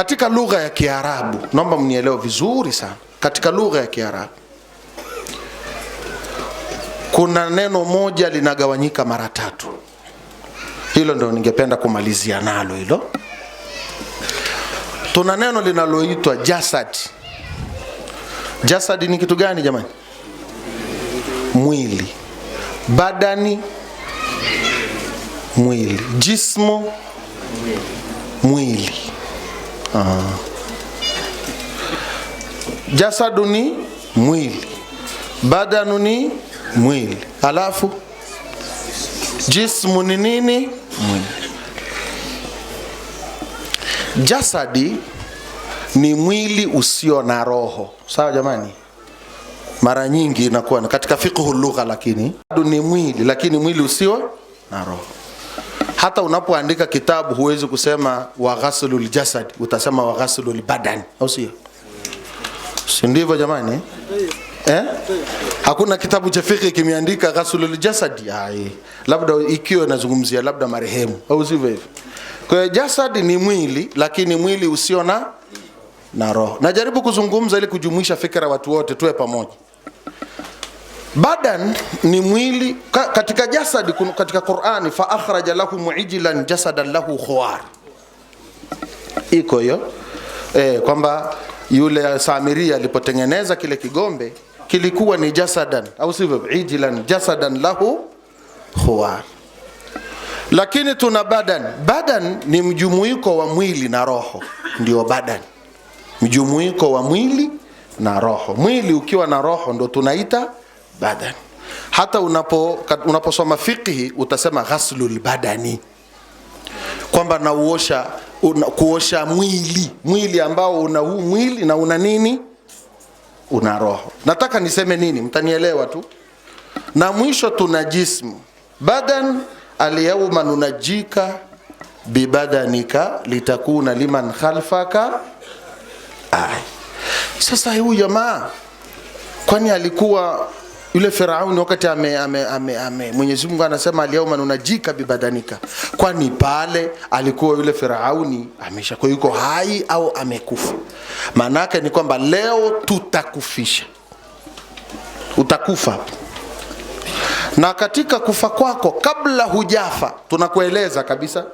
Katika lugha ya Kiarabu, naomba mnielewe vizuri sana. Katika lugha ya Kiarabu kuna neno moja linagawanyika mara tatu. Hilo ndio ningependa kumalizia nalo hilo. Tuna neno linaloitwa jasadi. Jasadi ni kitu gani jamani? Mwili, badani, mwili, jismo, mwili Uh-huh. Jasadu ni mwili, badanu ni mwili, alafu jismu ni nini? Mwili. Jasadi ni mwili usio na roho, sawa jamani? Mara nyingi inakuwa katika fiqhu lugha, lakini ni mwili, lakini mwili usio na roho. Hata unapoandika kitabu huwezi kusema wa ghaslul jasad, utasema wa ghaslul badan, au sio? Si ndivyo jamani? Eh? Hakuna kitabu cha fiqh kimeandika ghaslul jasad. Ai, labda ikiwa inazungumzia labda marehemu, au sivyo hivyo? Kwa hiyo jasad ni mwili, lakini mwili usio na na roho. Najaribu kuzungumza ili kujumuisha fikra watu wote tuwe pamoja. Badan ni mwili katika jasadi, katika Qur'ani, fa akhraja lahum ijlan jasadan lahu khuwar, iko hiyo e, kwamba yule Samiria alipotengeneza kile kigombe kilikuwa ni jasadan, au sivyo? Ijlan jasadan lahu khuwar. Lakini tuna badan. Badan ni mjumuiko wa mwili na roho, ndio badan, mjumuiko wa mwili na roho. Mwili ukiwa na roho ndo tunaita badan. Hata unapo unaposoma fiqhi utasema ghaslul badani, kwamba nauosha una, kuosha mwili mwili ambao una huu mwili na una nini, una roho. Nataka niseme nini? Mtanielewa tu. Na mwisho tuna jismu badan, alyawma nunajika bibadanika litakuna liman khalfaka ay. Sasa huyu jamaa kwani alikuwa yule Firauni wakati ame, ame, ame, ame. Mwenyezi Mungu anasema alyauma nunajika bibadanika, kwani pale alikuwa yule Firauni kwa yuko hai au amekufa. Maana yake ni kwamba leo tutakufisha, utakufa na katika kufa kwako, kabla hujafa, tunakueleza kabisa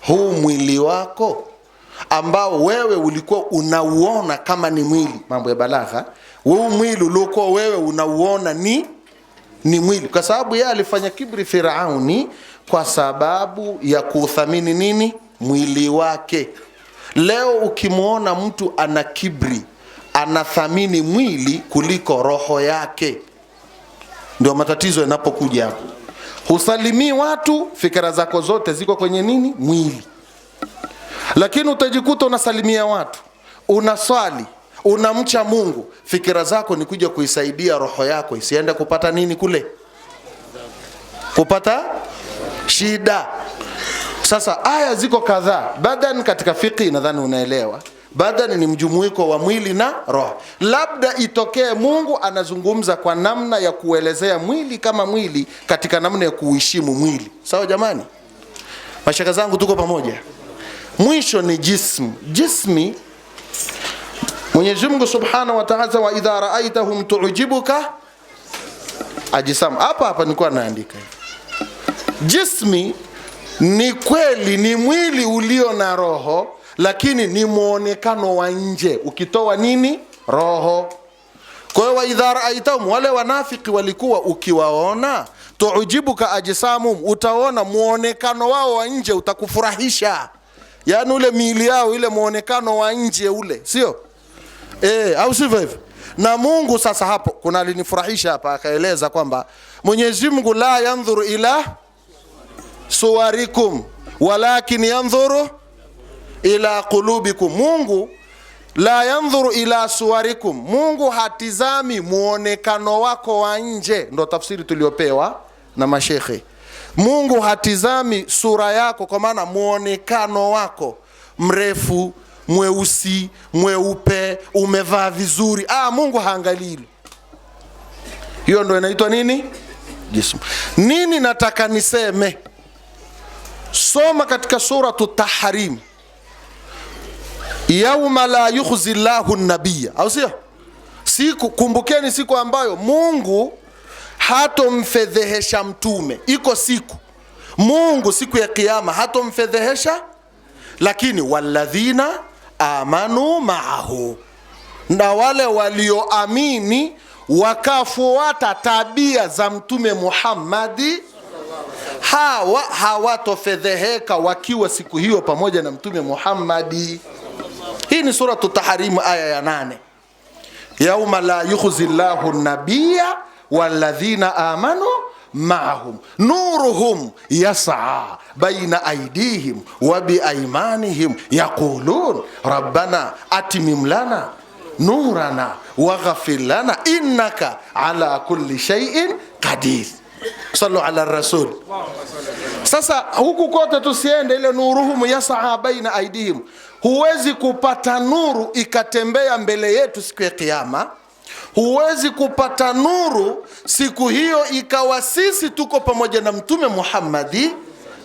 huu mwili wako ambao wewe ulikuwa unauona kama ni mwili. Mambo ya balagha, Huu mwili uliokuwa wewe unauona ni ni mwili, kwa sababu yeye alifanya kibri Firauni kwa sababu ya kuthamini nini mwili wake. Leo ukimwona mtu ana kibri, anathamini mwili kuliko roho yake, ndio matatizo yanapokuja hapo. Husalimii watu, fikra zako zote ziko kwenye nini? Mwili. Lakini utajikuta unasalimia watu, unaswali, unamcha Mungu, fikira zako ni kuja kuisaidia roho yako isiende kupata nini kule, kupata shida. Sasa aya ziko kadhaa. Badan katika fiqhi, nadhani unaelewa Badan ni mjumuiko wa mwili na roho. Labda itokee Mungu anazungumza kwa namna ya kuelezea mwili kama mwili katika namna ya kuheshimu mwili. Sawa jamani, mashaka zangu, tuko pamoja? Mwisho ni jismu. Jismi Mwenyezi Mungu Subhanahu wa Ta'ala, wa idha ra'aitahum tu'jibuka ajisam. Hapa hapa nilikuwa naandika jismi, ni kweli ni mwili ulio na roho, lakini ni mwonekano wa nje, ukitoa nini roho. Kwa hiyo wa idha ra'aitahum, wale wanafiki walikuwa ukiwaona, tuujibuka ajisamu, utaona mwonekano wao wa nje utakufurahisha yaani ule miili yao ile muonekano wa nje ule, sio e, au sivyo hivyo? Na Mungu sasa hapo kuna alinifurahisha hapa, akaeleza kwamba Mwenyezi Mungu la yandhuru ila suwarikum walakin yandhuru ila qulubikum. Mungu la yandhuru ila suwarikum, Mungu hatizami muonekano wako wa nje. Ndo tafsiri tuliopewa na mashekhe. Mungu hatizami sura yako, kwa maana muonekano wako, mrefu, mweusi, mweupe, umevaa vizuri. Ah, Mungu haangalii hilo. Hiyo ndo inaitwa nini? Jismu. Nini nataka niseme? Soma katika suratu Tahrim, yauma la yukhzi llahu nabiya, au sio? Siku, kumbukeni siku ambayo Mungu hatomfedhehesha mtume. Iko siku Mungu siku ya Kiyama hatomfedhehesha, lakini walladhina amanu maahu, na wale walioamini wakafuata tabia za mtume Muhammadi hawa hawatofedheheka wakiwa siku hiyo pamoja na mtume Muhammadi. Hii ni Suratu Taharimu aya ya nane, yauma la yukhzi llahu nabia walladhina amanu maahum nuruhum yasaa baina aidihim wa biaimanihim yaqulun rabbana atimim lana nurana waghfir lana innaka ala kulli shay'in qadir. Sallu ala rasul. Sasa huku kote tusiende, ile nuruhum yasaa baina aidihim, huwezi kupata nuru ikatembea mbele yetu siku ya Kiyama Huwezi kupata nuru siku hiyo ikawa sisi tuko pamoja na Mtume Muhammadi,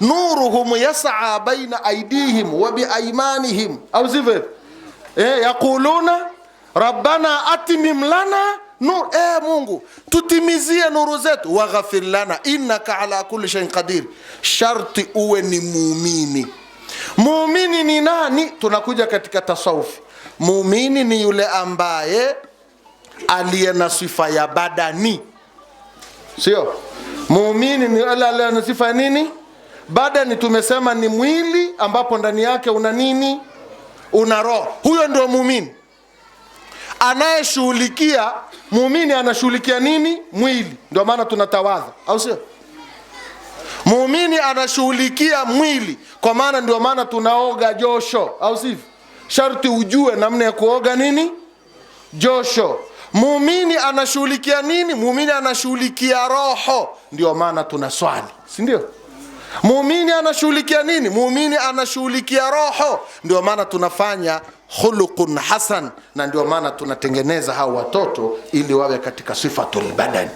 nuruhum yasaa baina aidihim wa biaimanihim, au sivyo? Eh, yaquluna rabbana atimim lana nur, eh, Mungu tutimizie nuru zetu, waghfir lana innaka ala kulli shay'in qadir. Sharti uwe ni muumini. Muumini ni nani? Tunakuja katika tasawufi. Muumini ni yule ambaye aliye na sifa ya badani, sio muumini. Ni ala aliye na sifa ya nini? Badani. Tumesema ni mwili ambapo ndani yake una nini? Una roho. Huyo ndio muumini anayeshughulikia. Muumini anashughulikia nini? Mwili. Ndio maana tunatawadha, au sio? Muumini anashughulikia mwili, kwa maana ndio maana tunaoga josho, au sivyo? Sharti ujue namna ya kuoga nini josho. Muumini anashughulikia nini? Muumini anashughulikia roho, ndio maana tuna si ndio? Muumini anashughulikia nini? Muumini anashughulikia roho, ndio maana tunafanya khuluqun hasan, na ndio maana tunatengeneza hao watoto ili wawe katika sifatul badani,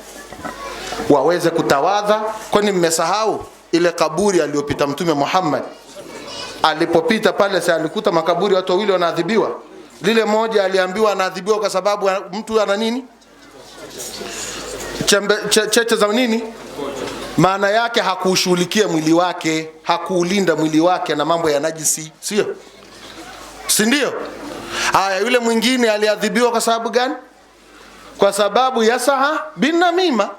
waweze kutawadha. Kwani mmesahau ile kaburi aliyopita Mtume Muhammad alipopita pale, si alikuta makaburi watu wawili wanaadhibiwa lile moja aliambiwa anaadhibiwa kwa sababu mtu ana nini, cheche che, za nini, maana yake hakuushughulikia mwili wake, hakuulinda mwili wake na mambo ya najisi, sio si ndio? Aya, yule mwingine aliadhibiwa kwa sababu gani? Kwa sababu yasaha bin namima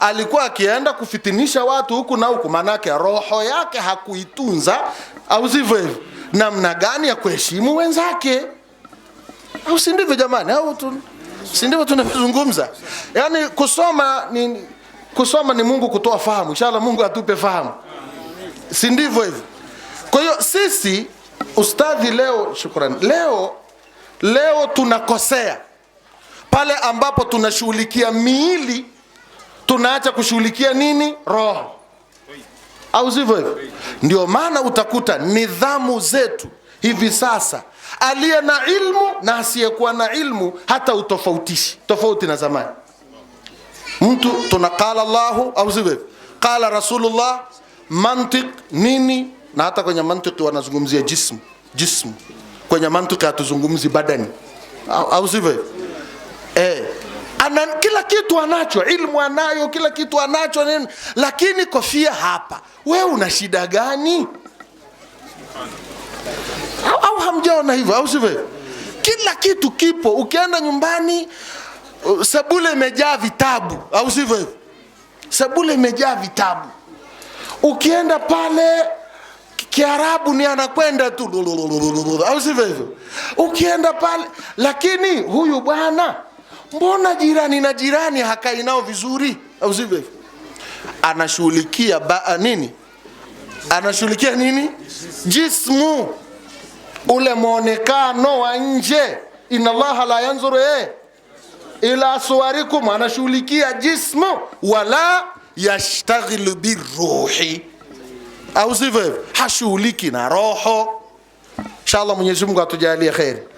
alikuwa akienda kufitinisha watu huku na huku, maanake roho yake hakuitunza, au sivyo hivyo, namna gani ya kuheshimu wenzake au si ndivyo jamani? Au tu si ndivyo tunavyozungumza? Yaani kusoma ni kusoma ni Mungu kutoa fahamu. Inshallah Mungu atupe fahamu, si ndivyo hivyo? Kwa hiyo sisi ustadhi leo, shukrani, leo leo tunakosea pale ambapo tunashughulikia miili, tunaacha kushughulikia nini? Roho, au sivyo hivyo? Ndio maana utakuta nidhamu zetu hivi sasa aliye na ilmu na asiyekuwa na ilmu hata utofautishi, tofauti na zamani. Mtu tuna qala Allahu au sivyo, qala Rasulullah, mantiq nini? Na hata kwenye mantiq wanazungumzia jismu, jismu kwenye mantiq hatuzungumzi badani au sivyo? Eh, ana kila kitu anacho, ilmu anayo, kila kitu anacho nini, lakini kofia hapa, we una shida gani? mjaona hivyo, au sivyo? Kila kitu kipo. Ukienda nyumbani, uh, sebule imejaa vitabu, au sivyo hivyo? Sebule imejaa vitabu. Ukienda pale Kiarabu ni anakwenda tu, au sivyo hivyo? Ukienda pale, lakini huyu bwana mbona jirani na jirani hakai nao vizuri, au sivyo hivyo? Anashughulikia ba nini, anashughulikia nini jismu ule mwonekano wa nje. Inna Allaha la yanzuru eh, ila suwarikum, anashughulikia jismu, wala yashtaghilu biruhi, au sivyo hashughuliki na roho. Inshallah, Mwenyezi Mungu atujalie kheri.